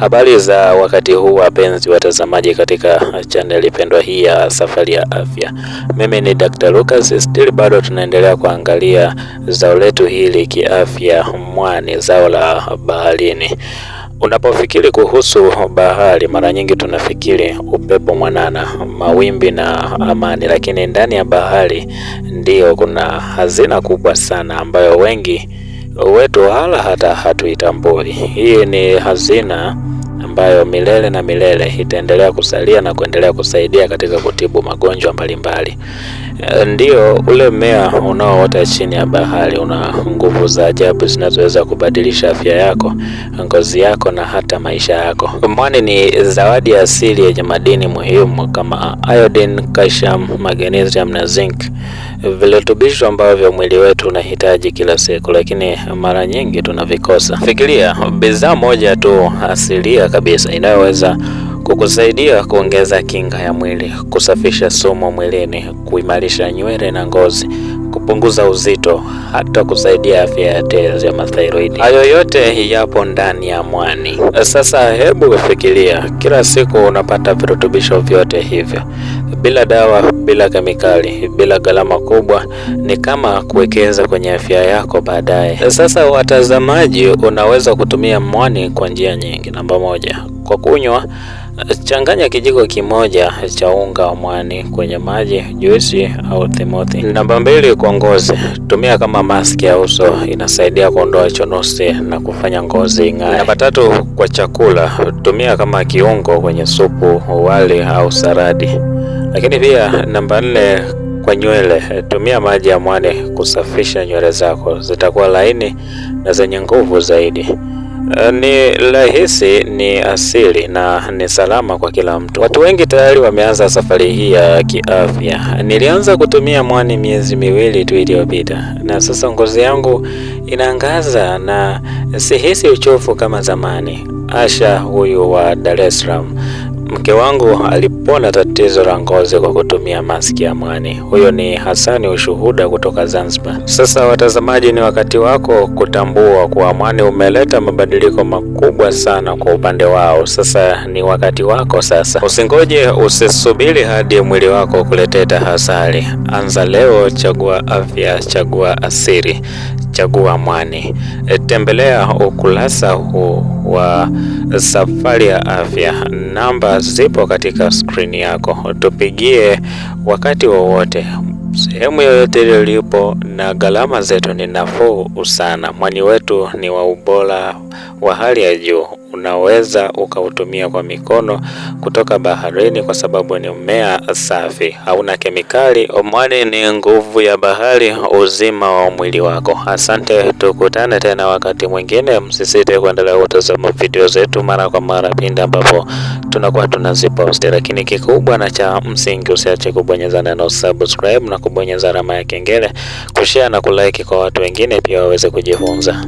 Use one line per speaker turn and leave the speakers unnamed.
Habari za wakati huu wapenzi watazamaji, katika chaneli pendwa hii ya Safari ya Afya, mimi ni Dr. Lucas. Still bado tunaendelea kuangalia zao letu hili kiafya, mwani, zao la baharini. Unapofikiri kuhusu bahari, mara nyingi tunafikiri upepo mwanana, mawimbi na amani, lakini ndani ya bahari ndio kuna hazina kubwa sana ambayo wengi wetu wala hata hatuitambui. Hii ni hazina ambayo milele na milele itaendelea kusalia na kuendelea kusaidia katika kutibu magonjwa mbalimbali mbali. Eh, ndio ule mmea unaoota chini ya bahari una nguvu za ajabu zinazoweza kubadilisha afya yako, ngozi yako na hata maisha yako. Mwani ni zawadi ya asili yenye madini muhimu kama iodine, calcium, magnesium na zinc, virutubisho ambavyo mwili wetu unahitaji kila siku, lakini mara nyingi tunavikosa.
Fikiria bidhaa moja tu asilia kabisa inayoweza kukusaidia kuongeza kinga ya mwili, kusafisha sumu mwilini, kuimarisha nywele na ngozi, kupunguza uzito, hata kusaidia afya ya tezi ya mathyroid.
Hayo yote yapo ndani ya mwani. Sasa hebu fikiria, kila siku unapata virutubisho vyote hivyo bila dawa, bila kemikali, bila gharama kubwa. Ni kama kuwekeza kwenye afya yako baadaye. Sasa watazamaji, unaweza kutumia mwani kwa njia nyingi. Namba moja, kwa kunywa Changanya kijiko kimoja cha unga wa mwani kwenye maji, juisi au thimothi.
Namba mbili, kwa ngozi, tumia kama maski ya uso, inasaidia kuondoa chunusi na kufanya ngozi ing'ae. Namba tatu, kwa chakula, tumia kama kiungo kwenye supu, wali au saradi. Lakini pia namba nne, kwa nywele, tumia maji ya mwani kusafisha nywele zako, zitakuwa laini na zenye nguvu zaidi. Eh, ni rahisi, ni asili na ni salama kwa kila mtu.
Watu wengi tayari wameanza safari hii ya kiafya. Nilianza kutumia mwani miezi miwili tu iliyopita, na sasa ngozi yangu inaangaza na sihisi uchovu kama zamani. Asha huyu wa Dar es Salaam Mke wangu alipona tatizo la ngozi kwa kutumia maski ya mwani. Huyo ni Hasani, ushuhuda kutoka Zanzibar. Sasa watazamaji, ni wakati wako kutambua kuwa mwani umeleta mabadiliko makubwa sana kwa upande wao. Sasa ni wakati wako sasa, usingoje, usisubiri hadi mwili wako kuleteta hasari Anza leo, chagua afya, chagua asili, chagua mwani. E, tembelea ukurasa huu wa safari ya afya namba zipo katika skrini yako, tupigie wakati wowote sehemu yoyote ile ulipo, na gharama zetu ni nafuu sana. Mwani wetu ni wa ubora wa hali ya juu unaweza ukautumia kwa mikono kutoka baharini, kwa sababu ni mmea safi, hauna kemikali. Omwani ni nguvu ya bahari, uzima wa mwili wako. Asante, tukutane tena wakati mwingine. Msisite kuendelea kutazama video zetu mara kwa mara pindi ambapo tunakuwa tunaziposti, lakini kikubwa na cha msingi usiache kubonyeza neno subscribe na kubonyeza alama ya kengele, kushare na kulike kwa watu wengine pia waweze kujifunza.